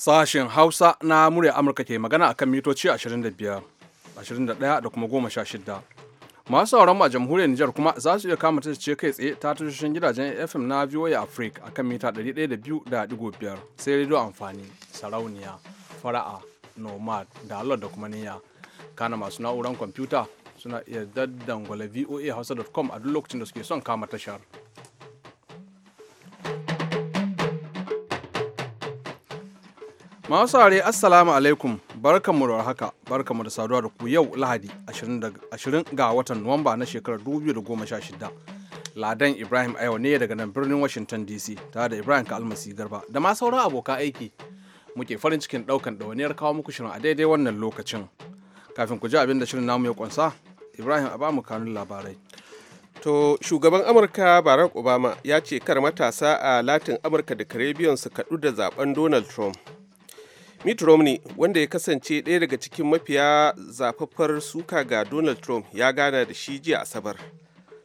Sashen Hausa na murya Amurka ke magana akan mitoci 25, 21 da kuma 16. Masu sauran a jamhuriyar Nijar kuma za su iya kama ce kai tsaye ta tashoshin gidajen FM na VOA Africa akan mita 102.5 sai rediyo amfani, sarauniya, fara'a, nomad, da dalar da kuma niyya. Kana masu na'uran kwamfuta suna iya voa hausa.com a duk lokacin da suke son kama tashar. Masu saurare Assalamu alaikum barkanmu da haka mu da saduwa da ku yau Lahadi 20 ga watan Nuwamba na shekarar 2016. Ladan Ibrahim Ayo ne daga nan birnin Washington DC tare da Ibrahim Kalmasi Garba da ma sauran abokan aiki muke farin cikin daukan dauniyar kawo muku shirin a daidai wannan lokacin. Kafin ku ji abin da shirin namu ya kunsa, Ibrahim a ba mu kanun labarai. To shugaban Amurka Barack Obama ya ce kar matasa a Latin Amurka da Caribbean su kaɗu da zaben Donald Trump. Mitt Romney wanda ya kasance ɗaya daga cikin mafiya zafaffar suka ga Donald Trump ya gana da shi jiya Asabar.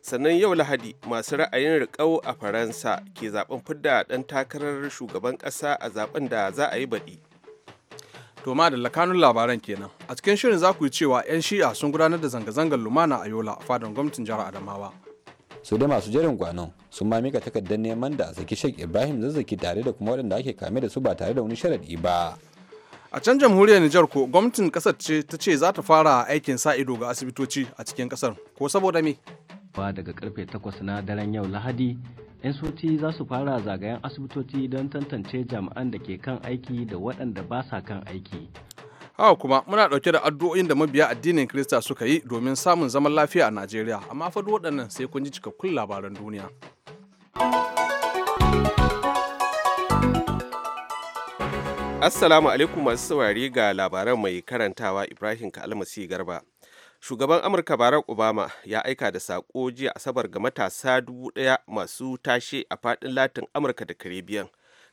Sannan yau Lahadi masu ra'ayin riƙau a Faransa ke zaben fidda ɗan takarar shugaban ƙasa a zaben da za a yi baɗi. To ma da lakanun labaran kenan. A cikin shirin za ku yi cewa 'yan shi'a sun gudanar da zanga-zangar lumana a Yola fadar gwamnatin jihar Adamawa. su da masu jerin gwanon sun ma mika takardar neman da a saki Sheikh Ibrahim Zazzaki tare da kuma waɗanda ake kame da su ba tare da wani sharaɗi ba. a can jamhuriyar nijar ko gwamnatin kasar ce ta ce za ta fara aikin sa ido ga asibitoci a cikin kasar ko saboda me ba daga karfe 8 na daren yau lahadi yan soci za su fara zagayen asibitoci don tantance jami'an da ke kan aiki da waɗanda ba sa kan aiki haka kuma muna ɗauke da addu'o'in da mabiya addinin Kirista suka yi domin samun zaman lafiya a Najeriya, amma fa waɗannan sai kun ji cikakkun labaran duniya. Assalamu alaikum masu saurari ga labaran mai karantawa Ibrahim Kalmasi Garba. Shugaban Amurka Barack Obama ya aika da saƙo jiya Asabar ga matasa dubu ɗaya masu tashe a faɗin Latin Amurka da Caribbean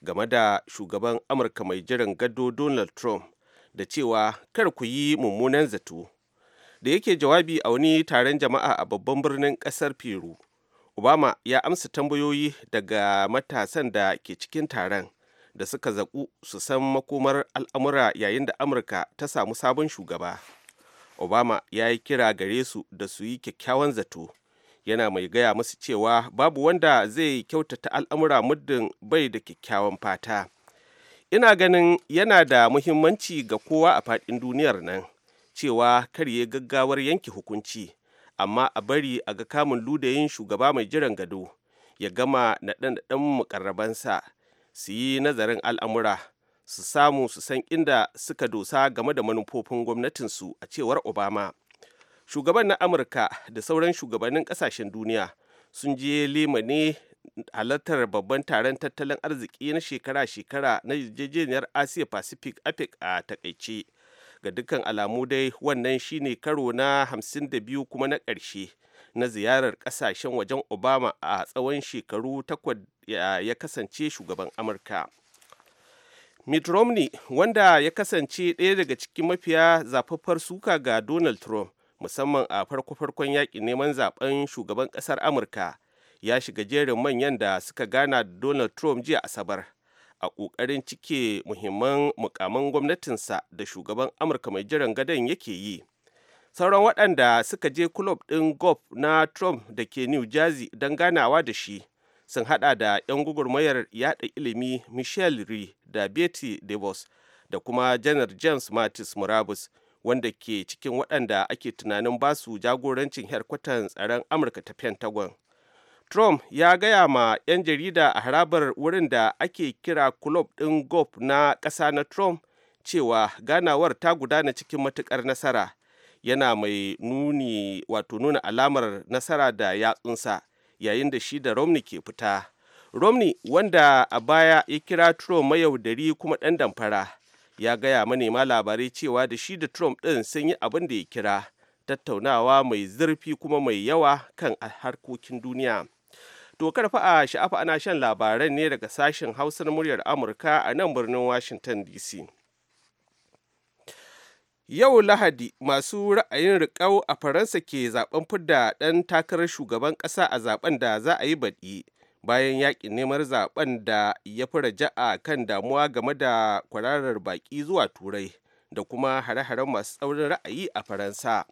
game da shugaban Amurka mai jiran gado Donald Trump da cewa kar ku yi mummunan zato. Da yake jawabi a wani taron jama'a a babban birnin ƙasar Peru. Obama ya amsa tambayoyi daga matasan da ke cikin taron. da suka zaƙu su san makomar al'amura yayin da amurka ta samu sabon shugaba obama ya yi kira gare su da su yi kyakkyawan zato yana mai gaya musu cewa babu wanda zai kyautata al'amura muddin bai da kyakkyawan fata ina ganin yana da muhimmanci ga kowa a faɗin duniyar nan cewa karye gaggawar yanke hukunci amma a bari a ga kamun ludayin shugaba mai jiran gado ya gama naɗe-naɗen mukarrabansa su yi nazarin al'amura su samu su san inda suka dosa game da manufofin gwamnatinsu a cewar obama shugaban na amurka da sauran shugabannin kasashen duniya sun je lima ne halartar babban taron tattalin arziki na shekara-shekara na yarjejeniyar asia pacific apec a e takaice ga dukkan alamu dai wannan shine karo na hamsin da biyu kuma na ƙarshe na ziyarar ƙasashen wajen obama a tsawon shekaru takwas ya kasance shugaban amurka mitt romney wanda ya kasance ɗaya daga cikin mafiya zafaffar suka ga donald trump musamman a farko-farkon yaƙin neman zaben shugaban ƙasar amurka ya shiga jerin manyan da suka gana da donald trump jiya asabar a ƙoƙarin cike muhimman mukaman gwamnatinsa da shugaban amurka mai jiran gadon yake yi sauran waɗanda suka je kulob ɗin golf na trump da ke new jersey don ganawa da shi sun hada da 'yan gugurmayar yada ilimi michelle ri da betty devos da kuma janar james mattis murabus wanda ke cikin waɗanda ake tunanin basu jagorancin herkwatan tsaron amurka ta pentagon trump ya gaya ma 'yan jarida a harabar wurin da ake kira kulob ɗin golf na ƙasa na trump cewa ganawar ta gudana cikin matuƙar nasara yana mai nuni wato nuna alamar nasara da yatsunsa yayin da shi da romney ke fita romney wanda a baya ya kira trump mayaudari kuma ɗan damfara ya gaya manema labarai cewa da shi da trump din sun yi abin da ya kira tattaunawa mai zurfi kuma mai yawa kan harkokin duniya to fa'a a sha'afa ana shan labaran ne daga sashen hausar muryar amurka a nan birnin washington dc yau lahadi masu ra'ayin riƙau a faransa ke zaben fidda ɗan takarar shugaban ƙasa a zaben da za a yi baɗi bayan yakin neman zaben da ya fi raja'a kan damuwa game da kwararar baƙi zuwa turai da kuma hare-haren masu tsaurin ra'ayi a faransa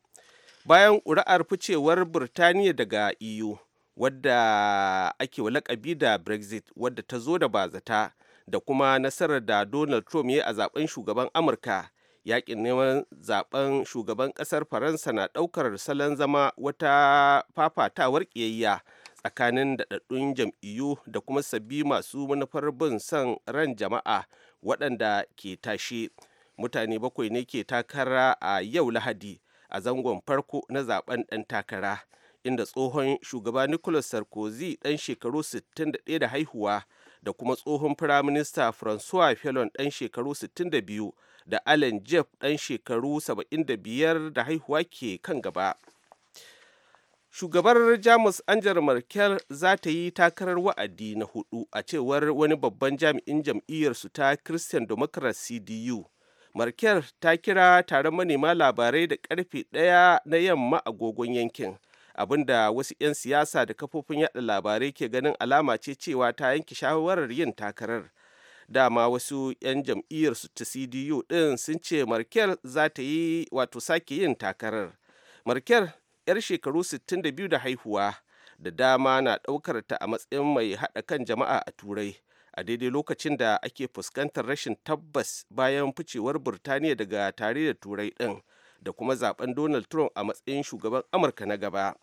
bayan ƙuri'ar ficewar birtaniya daga eu wadda ake lakabi da brexit wadda ta zo da bazata da kuma nasarar da donald trump ya yi a zaben shugaban amurka yakin neman zaben shugaban kasar faransa na daukar salon zama wata fafatawar kiyayya tsakanin daɗaɗɗun jam'iyyu da kuma sabbi masu manufar bin son ran jama'a waɗanda ke tashe mutane bakwai ne ke takara a yau lahadi a zangon farko na zaben ɗan takara inda tsohon shugaba nicolas sarkozy ɗan shekaru 61 da haihuwa da kuma tsohon firaminista francois fillon ɗan shekaru 62 da Allen Jeff ɗan shekaru 75 da haihuwa ke kan gaba. Shugabar Jamus angel Merkel za ta yi takarar wa'adi na hudu a cewar wani babban jami'in jam'iyyarsu ta Christian Democrat CDU. Merkel ta kira taron manema labarai da karfe daya na yamma agogon yankin. abinda wasu 'yan siyasa da kafofin yada labarai ke ganin alama ce cewa ta yanke shawarar yin takarar dama wasu 'yan jam'iyyar su ta cdu din sun ce markel za ta yi wato sake yin takarar markel 'yar shekaru 62 da haihuwa da dama na ɗaukar ta a matsayin mai hada kan jama'a a turai a daidai lokacin da ake fuskantar rashin tabbas bayan ficewar burtaniya daga tare da turai din da kuma zaben donald trump a matsayin shugaban amurka na gaba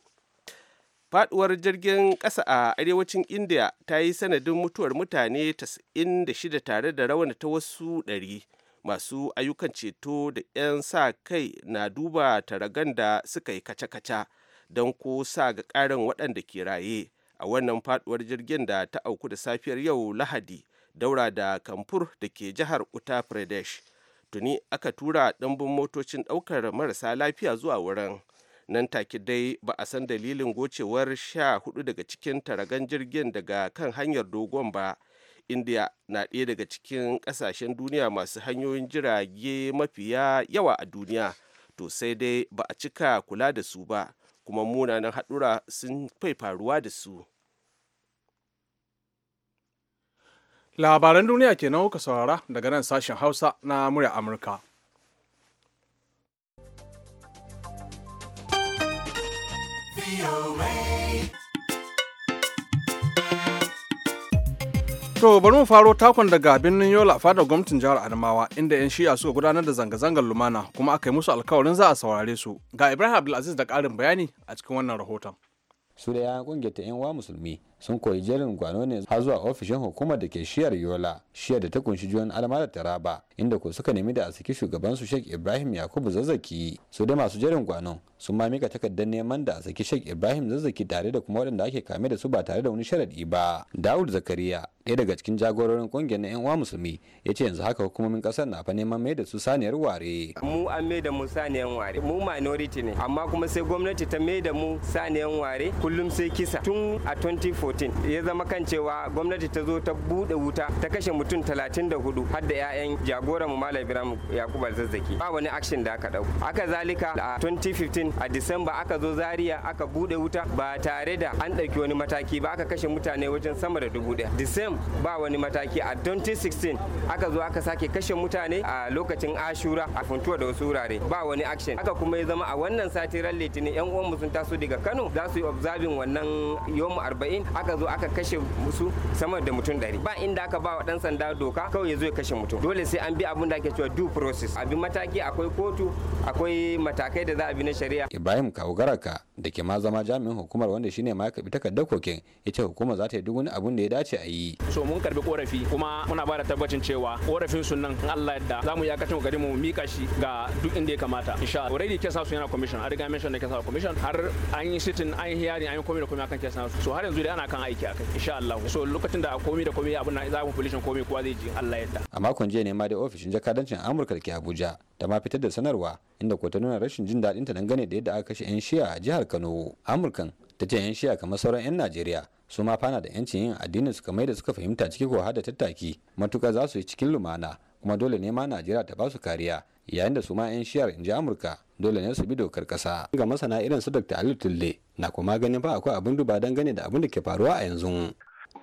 faduwar jirgin ƙasa a arewacin india ta yi sanadin mutuwar mutane 96 tare da ta wasu 100 masu ayyukan ceto da 'yan sa kai na duba taragan da suka yi kaca-kaca don ko sa ga ƙarin waɗanda ke raye a wannan faduwar jirgin da ta auku da safiyar yau lahadi daura da kamfur da ke jihar uttar pradesh tuni aka tura ɗanbin motocin ɗaukar marasa lafiya zuwa wurin nan take dai ba a san dalilin gocewar sha hudu daga cikin taragan jirgin daga kan hanyar dogon ba india na ɗaya daga cikin ƙasashen duniya masu hanyoyin jirage mafiya yawa a duniya to sai dai ba a cika kula da su ba kuma munanan haɗura sun faifaruwa da su labaran duniya kenan kuka saurara daga nan sashen hausa na murya amurka To bari mu faro takon daga birnin Yola fadar gwamnatin jihar Adamawa inda 'yan shi'a suka gudanar da zanga-zangar lumana kuma aka yi musu alkawarin za a saurare su. Ga Ibrahim Abdulaziz da ƙarin bayani a cikin wannan rahoton. Su da 'ya'yan ƙungiyar ta 'yan wa musulmi sun koyi jerin gwano ne har zuwa ofishin hukumar da ke shiyar yola shiyar da ta kunshi juwan almarar da taraba inda ko suka nemi da a saki shugaban su sheikh ibrahim yakubu zazzaki su dai masu jerin gwanon sun ma mika takardar neman da a saki sheikh ibrahim zazzaki tare da kuma wadanda ake kame da su ba tare da wani sharadi ba dawud zakariya ɗaya daga cikin jagororin kungiyar na 'yan uwa musulmi ya ce yanzu haka hukumomin ƙasar na fa neman mai da su saniyar ware mu an mai da mu saniyar ware mu minority ne amma kuma sai gwamnati ta mai da mu saniyar ware kullum sai kisa tun a 24 2014 ya zama kan cewa gwamnati ta zo ta bude wuta ta kashe mutum 34 har da 'ya'yan jagoran mu malam ibrahim yakubu zazzaki ba wani action da aka ɗau aka zalika a 2015 a december aka zo zaria aka bude wuta ba tare da an ɗauki wani mataki ba aka kashe mutane wajen sama da dubu daya december ba wani mataki a 2016 aka zo aka sake kashe mutane a lokacin ashura a funtuwa da wasu wurare ba wani action aka kuma ya zama a wannan sati ran litinin yan mu sun taso daga kano za su yi observing wannan yomu arba'in aka zo aka kashe musu sama da mutum ɗari ba inda aka ba wa ɗan sanda doka kawai ya zo ya kashe mutum dole sai an bi abin da ake cewa due process bi mataki akwai kotu akwai matakai da za a bi na shari'a ibrahim kawo da ke ma zama jami'in hukumar wanda shine ma ya karbi takardar koken ya ce hukuma za ta yi duk wani abin da ya dace a yi so mun karbi korafi kuma muna ba da tabbacin cewa korafin sun nan in Allah yadda za mu yi akacin kokari mu mika shi ga duk inda ya kamata insha Allah already kesa su yana commission an riga mention da kesa commission har an yi sitting an yi hearing an yi komai da komai akan kesa su so har yanzu dai ana kan aiki a kai insha Allah so lokacin da komai da komai abin nan za mu fulishin komai kowa zai ji Allah yadda a makon jiya ne ma da ofishin jakadancin Amurka da ke Abuja da ma fitar da sanarwa inda ko ta nuna rashin jin daɗin ta dangane da yadda aka kashe 'yan shiya a jihar Kano Amurkan ta ce 'yan shiya kamar sauran 'yan Najeriya su ma fana da 'yancin yin addinin su kamar da suka fahimta ciki ko hada tattaki matuka za su yi cikin lumana kuma dole ne ma Najeriya ta ba su kariya yayin da su ma 'yan shiyar in ji Amurka dole ne su bi dokar kasa ga masana irin su dr ali tulle na kuma ganin fa akwai abin duba don gane da abin da ke faruwa a yanzu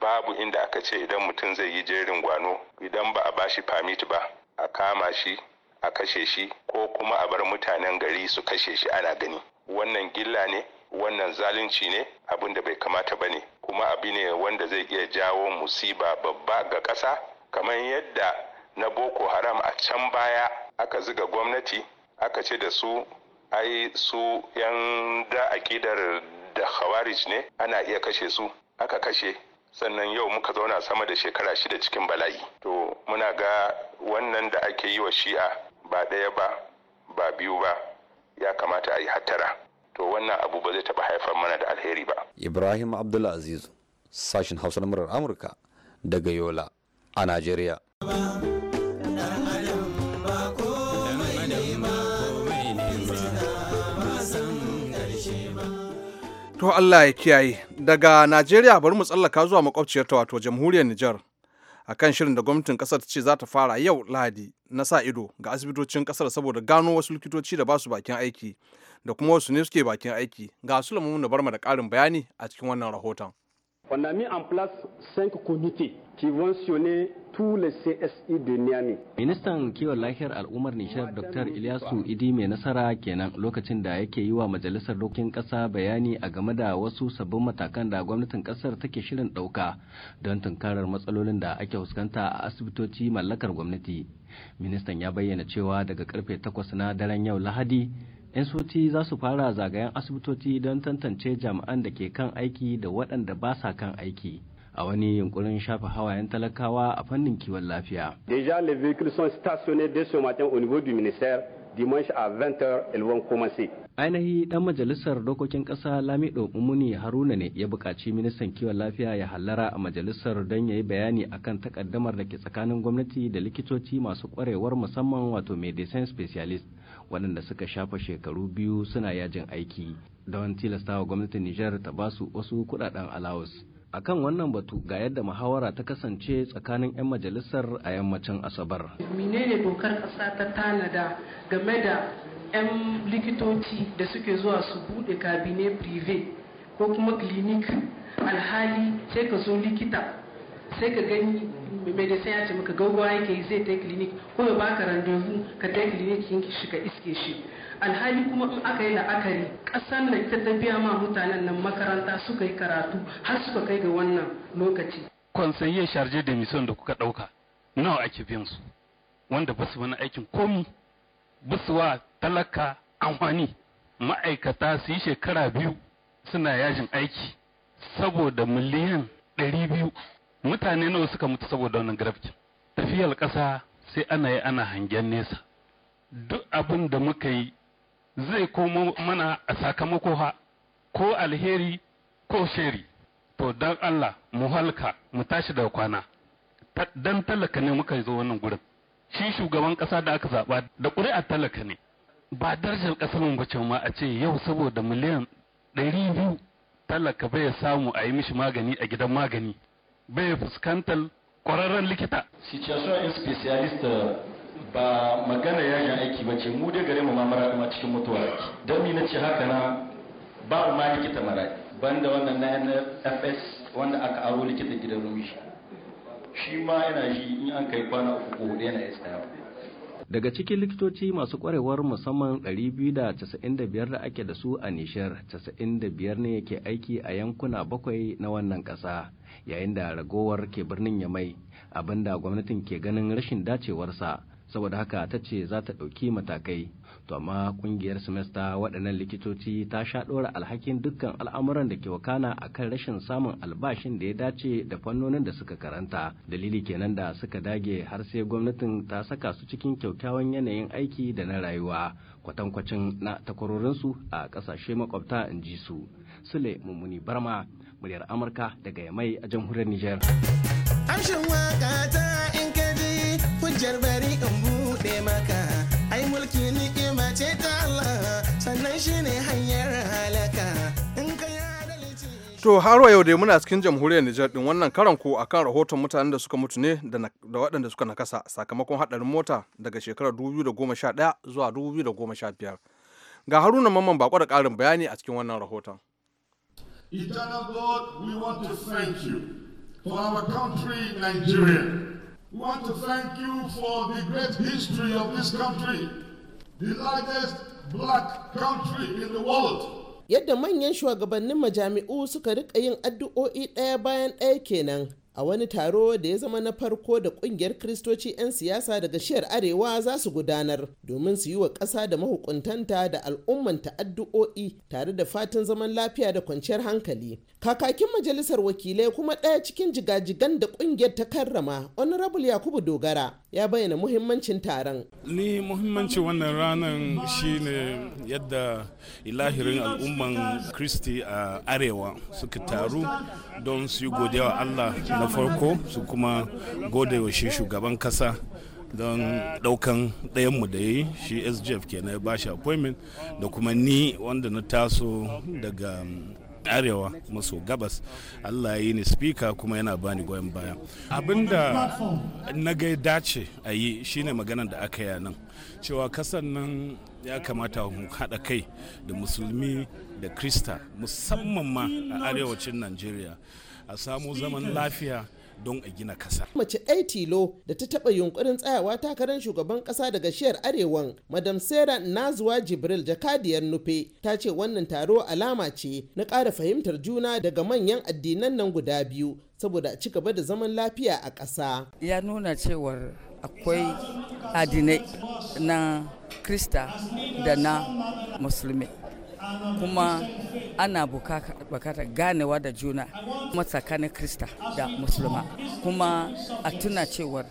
babu inda aka ce idan mutum zai yi jerin gwano idan ba a bashi famit ba a kama shi a kashe shi ko kuma a bar mutanen gari su kashe shi ana gani wannan gilla ne wannan zalunci ne abin da bai kamata ba ne kuma abu ne wanda zai iya jawo musiba babba ga ƙasa kamar yadda na boko haram a can baya aka ziga gwamnati aka ce da su ai su yan da akidar da khawarij ne ana iya kashe su aka kashe sannan yau muka zauna sama da shekara shida cikin bala'i to muna ga wannan da ake yi wa shi'a ba ɗaya ba ba biyu ba ya kamata a yi hattara to wannan abu ba zai taɓa haifar mana da alheri ba ibrahim abdulaziz sashin hausar murar amurka daga yola a najeriya To Allah ya kiyaye. Daga Najeriya bari mu tsallaka zuwa makwabciyar ta wato jamhuriyar Nijar. A kan shirin da gwamnatin kasar ta ce za ta fara yau Lahadi na sa ido ga asibitocin kasar saboda gano wasu likitoci da ba su bakin aiki da kuma wasu ne suke bakin aiki. Ga Sulaiman da barma da karin bayani a cikin wannan rahoton. On a mis en place cinq comités qui vont sionner tous les CSI de Niamey. Ministan kiwon lafiyar al'ummar Nishar Dr. Ilyasu Idi mai nasara kenan lokacin da yake yi wa majalisar dokin kasa bayani a game da wasu sabbin matakan da gwamnatin kasar take shirin ɗauka don tunkarar matsalolin da ake fuskanta a asibitoci mallakar gwamnati. Ministan ya bayyana cewa daga karfe 8 na daren yau Lahadi 'yan soti za su fara zagayen asibitoci don tantance jami'an da ke kan aiki da waɗanda ba sa kan aiki a wani yunkurin shafa hawayen talakawa a fannin kiwon lafiya. deja les véhicules sont stationnés dès ce matin au niveau du ministère dimanche à 20h elles vont commencer. Ainihi dan majalisar dokokin ƙasa Lamido Umuni Haruna ne ya buƙaci ministan kiwon lafiya ya hallara a majalisar don ya yi bayani akan takaddamar da ke tsakanin gwamnati da likitoci masu ƙwarewar musamman wato medicine specialist. waɗanda suka shafa shekaru biyu suna yajin aiki don tilastawa gwamnatin Nijar ta basu wasu kuɗaɗen alawus. kan wannan batu ga yadda muhawara ta kasance tsakanin 'yan majalisar a yammacin asabar. menene dokar ƙasa ta tanada game da 'yan likitoci da suke zuwa su buɗe kabine prive ko kuma clinic alhali sai ka zo likita sai ka gani sai ya ce maka gaugawa yake yi zai tai clinic ko ya baka randevu ka tai clinic shi shiga iske shi alhali kuma in aka yi la'akari na ita ta biya ma mutanen nan makaranta suka yi karatu har suka kai ga wannan lokaci ya sharje da mission da kuka ɗauka nawa ake biyan su wanda ba wani aikin komi ba wa talaka amfani ma'aikata su yi shekara biyu suna yajin aiki saboda miliyan ɗari biyu mutane nawa suka mutu saboda wannan grafiti tafiyar ƙasa sai ana yi ana hangen nesa duk abin da muka yi zai komo mana a sakamako ha ko alheri ko sheri to don Allah mu halka mu tashi daga kwana dan talaka ne muka zo wannan gurin shi shugaban ƙasa da aka zaba da ƙuri'a talaka ne ba darajar ƙasar mu bace ma a ce yau saboda miliyan ɗari biyu talaka bai samu a yi mishi magani a gidan magani bai fuskantar kwararren likita. Situation in specialist ba magana yayin aiki ba ce mu dai gare mu ma kuma cikin mutuwa don ni na ce haka na babu ma likita mara banda wannan na NFS wanda aka aro likita gidan rumishi shi ma yana shi in an kai kwana uku ko hudu yana ya tsaya daga cikin likitoci masu kwarewar musamman 295 da ake da su a nishar 95 ne ke aiki a yankuna bakwai na wannan ƙasa yayin da ragowar ke birnin yamai abinda gwamnatin ke ganin rashin dacewarsa saboda haka ta ce za ta ɗauki matakai to amma ƙungiyar semesta waɗannan likitoci ta sha ɗora alhakin dukkan al'amuran da ke wakana a kan rashin samun albashin da ya dace da fannonin da suka karanta dalili kenan da suka dage har sai gwamnatin ta saka su cikin kyakkyawan yanayin aiki da na rayuwa kwatankwacin na takwarorinsu a ƙasashe makwabta in ji su sule mummuni barma muryar amurka daga yamai a jamhuriyar niger hujjar bari in buɗe maka ai mulki ni'ima ce ta Allah sannan shine hanyar halaka in ka To har yau dai muna cikin jamhuriyar Nijar din wannan karan ko akan rahoton mutanen da suka mutu ne da waɗanda suka nakasa sakamakon haɗarin mota daga shekarar 2011 zuwa 2015. Ga Haruna Mamman bako da ƙarin bayani a cikin wannan rahoton. Eternal God, we want to thank you for our country Nigeria. We want to thank you for the great history of this country, the largest black country in the world. Yadda manyan shugabannin majami'u suka rika yin addu'o'i ɗaya bayan ɗaya kenan a wani taro da ya zama na farko da kungiyar kristoci 'yan siyasa daga shiyar arewa za su gudanar domin su yi wa ƙasa da mahukuntanta da al'umman addu'o'i tare da fatan zaman lafiya da kwanciyar hankali kakakin majalisar wakilai kuma ɗaya cikin jigajigan da kungiyar ta karrama honorable yakubu dogara ya bayyana muhimmancin taron ni muhimmancin wannan ranar shine yadda ilahirin al'umman kristi a arewa suka taru don su yi godiya wa allah na farko su kuma gode wa shi shugaban kasa don daukan ɗayanmu da yi shi sgf ke na ba shi appointment da kuma ni wanda na taso daga um, arewa maso gabas allah yi ni speaker kuma yana bani goyon baya abinda na ga dace a yi shine maganar da aka yi nan cewa kasan nan ya kamata mu haɗa kai da musulmi da krista musamman ma a arewacin nigeria. a samu zaman lafiya don a gina kasa. Mace ɗai tilo da ta taɓa yunkurin tsayawa takarar shugaban ƙasa daga shiyar arewan Madam Sarah Nazuwa Jibril jakadiyar nufe ta ce wannan taro alama ce na ƙara fahimtar juna daga manyan addinan nan guda biyu saboda a ci gaba da zaman lafiya a ƙasa. Ya nuna cewar akwai addinai na Krista da na Musulmi. kuma ana bukatar ganewa da juna kuma tsakanin krista da musulma kuma a tuna cewar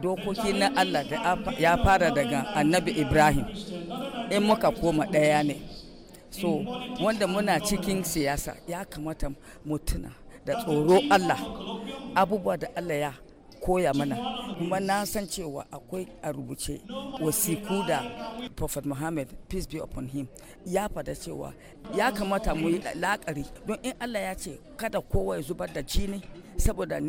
dokoki na allah da ya fara daga annabi ibrahim in muka koma ɗaya ne so wanda muna cikin siyasa ya kamata mu tuna da tsoro allah abubuwa da allah ya koya mana kuma na san cewa akwai a rubuce wasiku da prophet muhammad peace be upon him ya fada cewa ya kamata mu yi lakari don in allah ya ce kada kowa ya zubar da jini saboda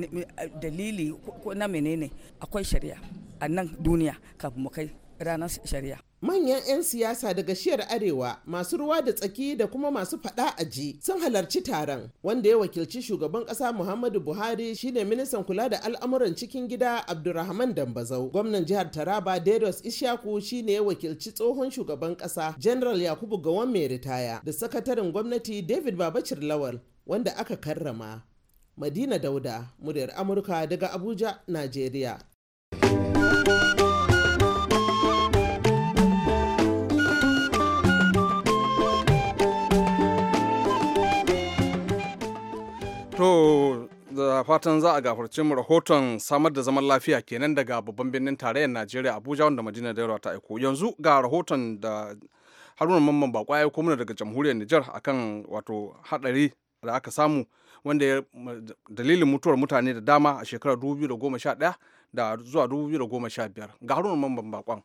dalili ko na menene akwai shari'a a nan duniya kafin mu kai ranar shari'a. Manyan 'yan siyasa daga shiyar Arewa masu ruwa da tsaki da kuma masu faɗa a ji sun halarci taron wanda ya wakilci shugaban ƙasa Muhammadu Buhari shine ministan kula da al'amuran cikin gida Abdulrahman Dambazau. Gwamnan jihar Taraba Dedos Ishaku shine ya wakilci tsohon shugaban ƙasa General Yakubu Gawan mai ritaya da sakataren gwamnati David Babacir Lawal wanda aka karrama. Madina Dauda, muryar Amurka daga Abuja, Najeriya. To da fatan za a gafarci mu rahoton samar da zaman lafiya kenan daga babban birnin tarayyar Najeriya Abuja wanda Madina Daura ta aiko. Yanzu ga rahoton da Haruna Mamman Bakwa ya aiko mana daga Jamhuriyar Nijar akan wato hadari da aka samu wanda ya dalilin mutuwar mutane da dama a shekarar 2011 da zuwa 2015 ga Haruna Mamman Bakwan.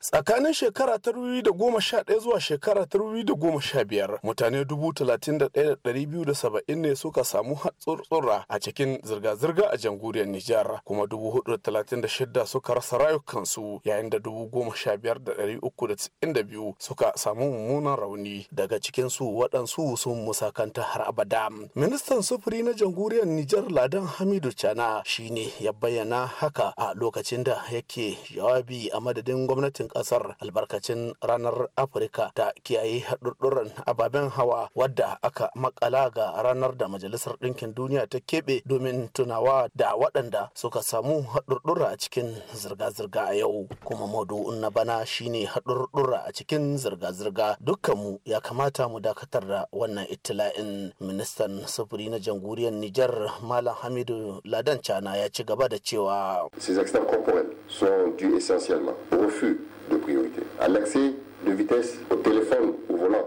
tsakanin shekara ta da goma sha ɗaya zuwa shekara ta da goma sha biyar mutane dubu talatin da ɗaya da ɗari biyu da saba'in ne suka samu hatsurtsura a cikin zirga-zirga a jamhuriyar nijar kuma dubu hudu da talatin da shida suka rasa rayukansu yayin da dubu goma sha biyar da ɗari uku da tsin da biyu suka samu mummunan rauni daga cikin su waɗansu sun musakanta har abada ministan sufuri na jamhuriyar nijar ladan hamidu cana shine ya bayyana haka a lokacin da yake jawabi a madadin gwamnatin arewacin kasar albarkacin ranar afirka ta kiyaye haɗurɗuran ababen hawa wadda aka makala ga ranar da majalisar ɗinkin duniya ta keɓe domin tunawa da waɗanda suka samu haɗurɗura a cikin zirga-zirga a yau kuma modu na bana shine haɗurɗura a cikin zirga-zirga dukkanmu ya kamata mu dakatar da wannan itila'in ministan sufuri na jamhuriyar nijar malam hamidu ladan cana ya ci gaba da cewa Ces corporels sont dus essentiellement au refus de priorité. À l'accès de vitesse au téléphone, au volant,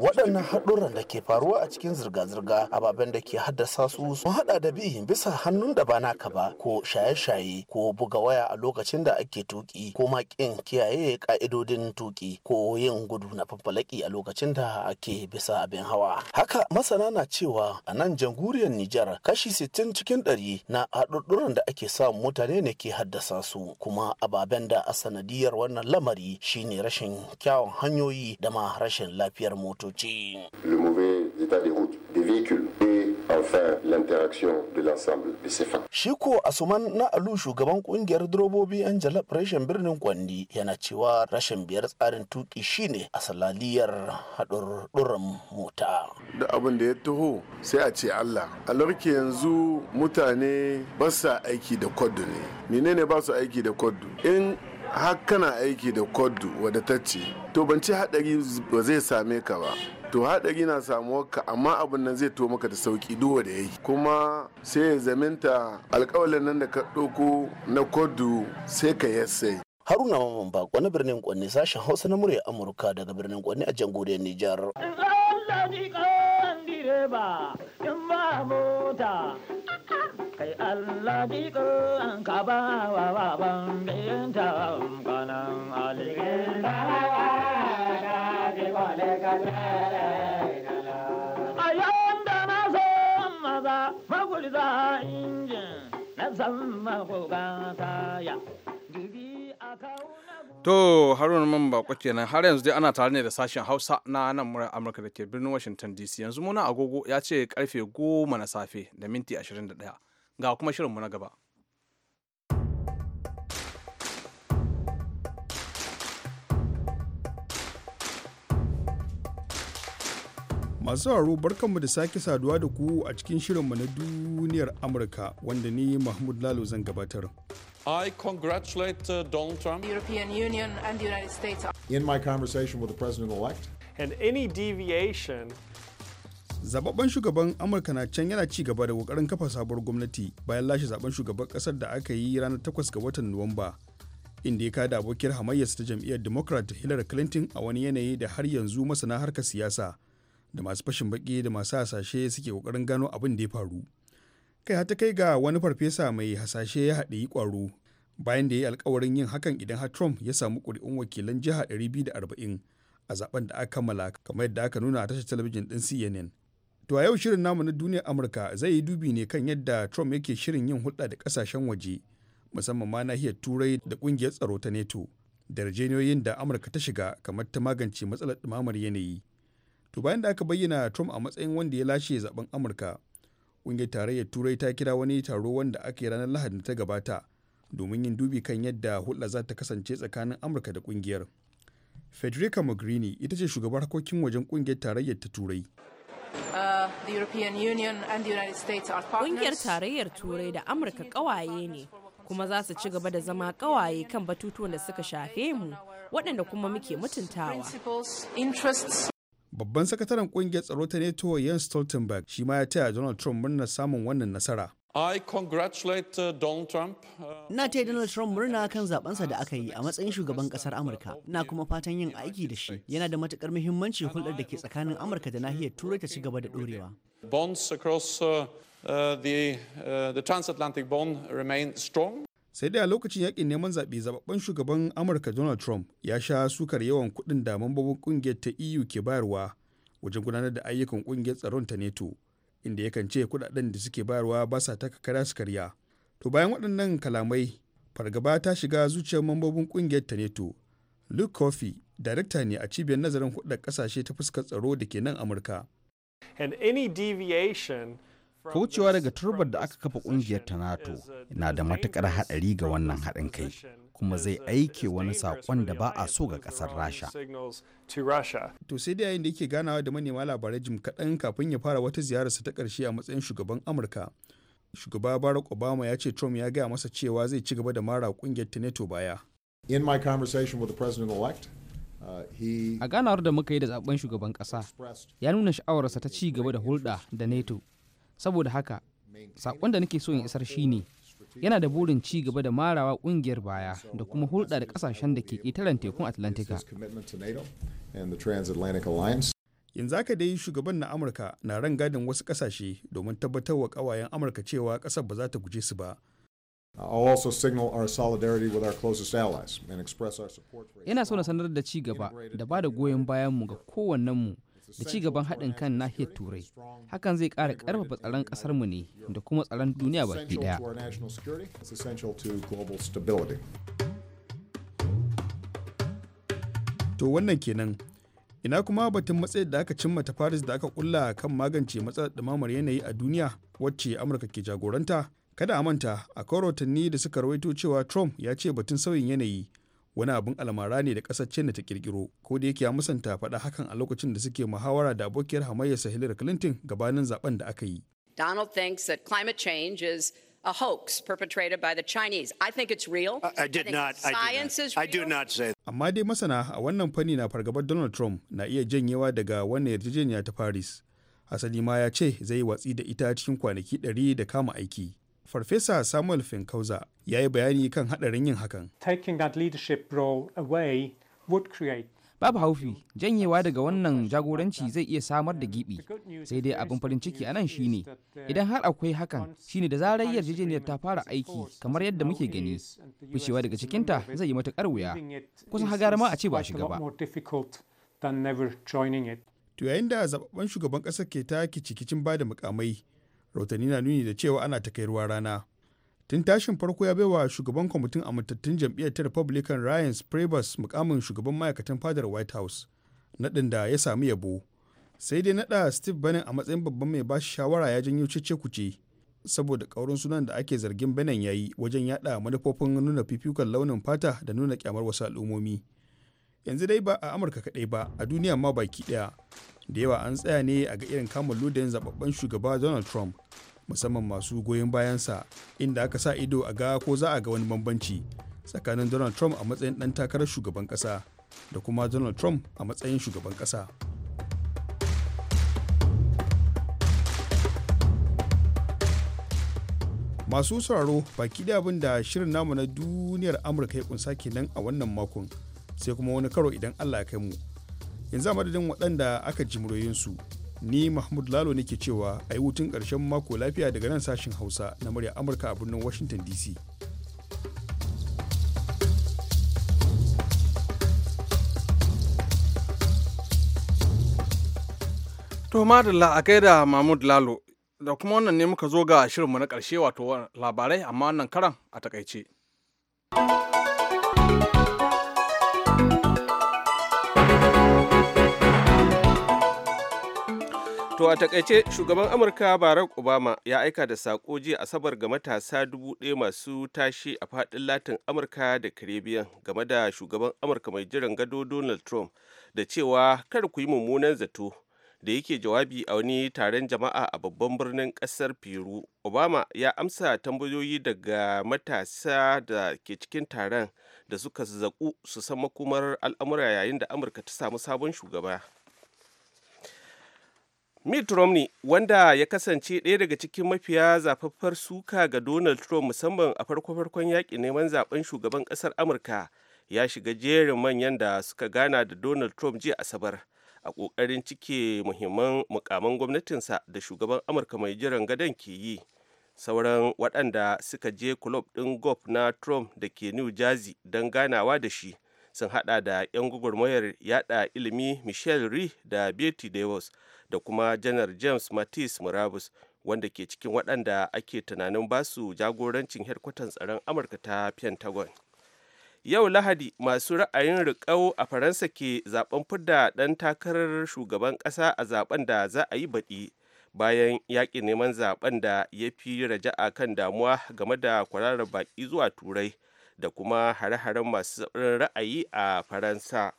waɗannan haɗurran da ke faruwa a cikin zirga-zirga ababen da ke haddasa su sun haɗa da bi bisa hannun da ba naka ba ko shaye-shaye ko buga waya a lokacin da ake tuki ko makin kiyaye ka'idodin tuki ko yin gudu na fafalaki a lokacin da ake bisa abin hawa haka masana na cewa a nan janguriyar nijar kashi 60 cikin ɗari na haɗurran da ake samun mutane ne ke haddasa su kuma ababen da a sanadiyar wannan lamari shine rashin kyawun hanyoyi hanyoyi da ma rashin lafiyar motoci. Le mauvais état de l'ensemble de Shi Asuman na Alu shugaban kungiyar direbobi an jalab rashin birnin Kwandi yana cewa rashin biyar tsarin tuki shine a salaliyar haɗurɗuran mota. Da abin da ya taho sai a ce Allah. A larki yanzu mutane ba sa aiki da kwaddo ne. Menene ba su aiki da kwaddo? In har kana aiki da kodu ce. to ban ce hadari ba zai same ka ba to hadari na samuwar amma abin nan zai to maka da sauki duwa da yayi kuma sai ya zaminta alkawalin nan da ka ɗauko na kodu sai ka yassai haruna mamman ba wani birnin kwanne sashen hausa na murya amurka daga birnin kwanne a jamhuriyar nijar in ba Allah ji an ka ba wa wa ban binta kanan alikin da wa da ji kwale kalere a yawan da na so maza magulza injin na san magulgata ya To Haruna man bako kenan har yanzu dai ana tare ne da sashen Hausa na nan murar Amurka da ke birnin Washington DC yanzu muna agogo ya ce karfe goma na safe da minti ɗaya. ga kuma shirin mu na gaba. Masu haro barkanmu da sake saduwa da ku a cikin shirinmu na duniyar Amurka wanda ni Mahmud Lalo zan gabatar. I congratulate uh, Donald Trump. The European Union and the United States. In my conversation with the president-elect. And any deviation zababben shugaban amurka na can yana ci gaba da kokarin kafa sabuwar gwamnati bayan lashe zaben shugaban kasar da aka yi ranar 8 ga watan nuwamba inda ya kada abokiyar hamayyarsa ta jam'iyyar democrat hillary clinton a wani yanayi da har yanzu masana harkar siyasa da masu fashin baki da masu hasashe suke kokarin gano abin da ya faru kai ta kai ga wani farfesa mai hasashe ya haɗe yi kwaro bayan da ya yi alkawarin yin hakan idan har trump ya samu ƙuri'un wakilan jiha 240 a zaben da aka kammala kamar yadda aka nuna a tashar talabijin ɗin cnn To a yau shirin namu na duniyar Amurka zai yi dubi ne kan yadda Trump yake shirin yin hulɗa da ƙasashen waje musamman ma nahiyar Turai da ƙungiyar tsaro ta neto da yarjejeniyoyin da Amurka ta shiga kamar ta magance matsalar dumamar yanayi. To bayan da aka bayyana Trump a matsayin wanda ya lashe zaben Amurka, ƙungiyar tarayyar Turai ta kira wani taro wanda aka yi ranar Lahadi ta gabata domin yin dubi kan yadda hulɗa za ta kasance tsakanin Amurka da ƙungiyar. Federica Mogherini ita ce shugabar harkokin wajen ƙungiyar tarayyar ta Turai. Uh, ƙungiyar tarayyar Turai da Amurka ƙawaye ne, kuma za su ci gaba da zama ƙawaye kan batutuwan da suka shafe mu, waɗanda kuma muke mutuntawa. Babban sakataren ƙungiyar tsaro ta NATO Jens Stoltenberg shi ma ya taya Donald Trump murnar samun wannan nasara. I congratulate uh, Donald Trump. Uh, Na Donald Trump murna kan zaɓensa da aka yi a matsayin shugaban kasar Amurka. Na kuma fatan yin aiki da shi. Yana da matukar muhimmanci hulɗar da ke tsakanin Amurka da nahiyar Turai ta ci gaba da dorewa. Bonds across uh, uh, the, the transatlantic bond remain strong. Sai dai lokacin yakin neman zaɓe zababban shugaban Amurka Donald Trump ya sha sukar yawan kuɗin da mambobin ƙungiyar ta EU ke bayarwa wajen gudanar da ayyukan ƙungiyar tsaron ta NATO. inda yakan ce kudaden da suke bayarwa ba sa taka kara su karya to bayan waɗannan kalamai fargaba ta shiga zuciyar mambobin ƙungiyar ta neto luke coffey darakta ne a cibiyar nazarin hudar kasashe ta fuskar tsaro da ke nan amurka kaucewa daga turbar da aka kafa ƙungiyar ta nato na da matukar haɗari ga wannan haɗin kai kuma zai aike wani saƙon da ba a so ga ƙasar rasha to sai dai yayin da yake ganawa da manema labarai jim kaɗan kafin ya fara wata ziyararsa ta ƙarshe a matsayin shugaban amurka shugaba barack obama ya ce trump ya gaya masa cewa zai ci gaba da mara kungiyar ta neto baya in uh, a ganawar da muka yi da zaben shugaban kasa ya nuna sha'awarsa ta ci gaba da hulɗa da neto saboda haka saƙon da nake so in isar shine yana da burin ci gaba da marawa kungiyar baya da kuma hulɗa da ƙasashen da ke ƙetaren tekun atlantika yanzu haka dai shugaban na amurka na ran gadin wasu ƙasashe domin tabbatar wa kawayen amurka cewa kasar ba za ta guje su ba yana so na sanar da ci gaba da ba da goyon bayanmu ga kowannenmu da ci gaban haɗin kan nahiyar turai hakan zai ƙara ƙarfafa tsaron ƙasarmu ne da kuma tsaron duniya baki ɗaya to wannan kenan ina kuma batun matsayin da aka cimma ta paris da aka kulla kan magance matsalar ɗumamar yanayi a duniya wacce amurka ke jagoranta kada a manta akwai rahotanni da suka rawaito cewa trump ya ce batun sauyin yanayi wani abin almara ne da ƙasar china ta kirkiro ko da yake ya musanta faɗa hakan a lokacin da suke muhawara da abokiyar hamayyarsa hillary clinton gabanin zaben da aka yi donald thinks that climate change is a hoax perpetrated by the Chinese. I think it's real. I, did not. I did not. I do not say. Amma dai masana a wannan fanni na fargabar Donald Trump na iya janyewa daga wannan yarjejeniya ta Paris. asali ma ya ce zai watsi da ita cikin kwanaki 100 da kama aiki. Farfesa Samuel Finkauza ya yi bayani kan haɗarin yin hakan. Taking that leadership role away would create babu haufi janyewa daga wannan jagoranci zai iya samar da gibi sai dai abin farin ciki a nan shine idan har akwai hakan shine da zarar yarjejeniyar ta fara aiki kamar yadda muke gani bishewa daga cikinta zai yi matukar wuya kusan hagar ma a ce ba shiga ba to yayin da zababben shugaban ƙasar ke ta ki cikicin bada mukamai rautani na nuni da cewa ana ta kai ruwa rana tun tashin farko ya baiwa shugaban kwamitin amintattun jam'iyyar ta republican ryan sprabus mukamin shugaban ma'aikatan fadar white house naɗin da ya sami yabo sai dai naɗa steve bannon a matsayin babban mai bashi shawara ya janyo cece kuce saboda ƙaurin sunan da ake zargin bannon ya yi wajen yaɗa manufofin nuna fifikon launin fata da nuna kyamar wasu al'ummomi yanzu dai ba a amurka kaɗai ba a duniya ma baki ɗaya da yawa an tsaya ne a ga irin kamun ludayin zababben shugaba donald trump musamman masu goyon bayansa inda aka sa ido a ga ko za a ga wani bambanci tsakanin donald trump a matsayin ɗan takarar shugaban ƙasa da kuma donald trump a matsayin shugaban ƙasa masu sauraro baki da abin da shirin namu na duniyar amurka ya kunsa kenan a wannan makon sai kuma wani karo idan allah ya kai mu yanzu a madadin waɗanda aka ji ni mahmud lalo ke cewa a yi hutun ƙarshen mako lafiya daga nan sashen hausa na murya amurka a birnin washington dc to da a da mahmud lalo da kuma wannan ne muka zo ga shirinmu na ƙarshe wato labarai amma wannan karan a takaice. To a takaice shugaban Amurka Barack Obama ya aika da saƙo jiya Asabar ga matasa dubu ɗaya masu tashi a faɗin Latin Amurka da Caribbean game da shugaban Amurka mai jiran gado Donald Trump da cewa kar ku yi mummunan zato da yake jawabi a wani taron jama'a a babban birnin ƙasar Peru. Obama ya amsa tambayoyi daga matasa da ke cikin taron da suka zaƙu su san makomar al'amura yayin da Amurka ta samu sabon shugaba. Mitt Romney wanda ya kasance ɗaya daga cikin mafiya zafaffar suka ga Donald Trump musamman a farko-farkon yaƙi neman zaben shugaban ƙasar Amurka ya shiga jerin manyan da suka gana da Donald Trump jiya Asabar a ƙoƙarin cike muhimman mukaman gwamnatinsa da shugaban Amurka mai jiran gadon ke yi. Sauran waɗanda suka je kulob ɗin golf na Trump da ke New Jersey don ganawa da shi sun haɗa da 'yan gwagwarmayar yada ilimi Michelle Rhee da Betty Davis. da kuma janar james mattis murabus wanda ke cikin waɗanda ake tunanin basu jagorancin herkwatan tsaron amurka ta pentagon yau lahadi masu ra'ayin riƙau a faransa ke zaben fidda ɗan takarar shugaban ƙasa a zaben da za a yi baɗi bayan yaƙi neman zaben da ya fi raja'a kan damuwa game da kwararar baƙi zuwa turai da kuma hare-haren masu ra'ayi a faransa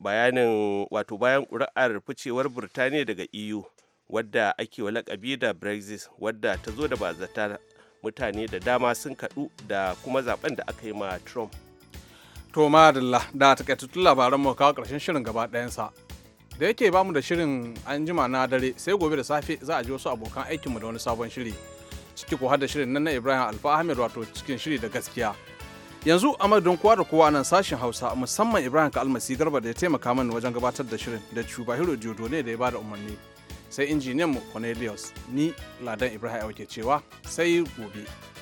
bayanin wato bayan ƙuri'ar ficewar birtaniya daga eu wadda ake wa lakabi da brexit wadda ta zo da bazata mutane da dama sun kaɗu da kuma zaben da aka yi ma trump to madalla da takaitattun labaran mu kawo ƙarshen shirin gaba ɗayansa da yake ba mu da shirin an jima na dare sai gobe da safe za a ji wasu abokan aikinmu da wani sabon shiri ciki ko har da shirin nan na ibrahim alfa wato cikin shiri da gaskiya yanzu a madadin kowa da kowa nan sashen hausa musamman ibrahim ka almasi garba da ya taimaka mani wajen gabatar da shirin da cubahiro jodo ne da ya bada umarni sai injiniyan mu cornelius ni ladan ibrahim ke cewa sai gobe.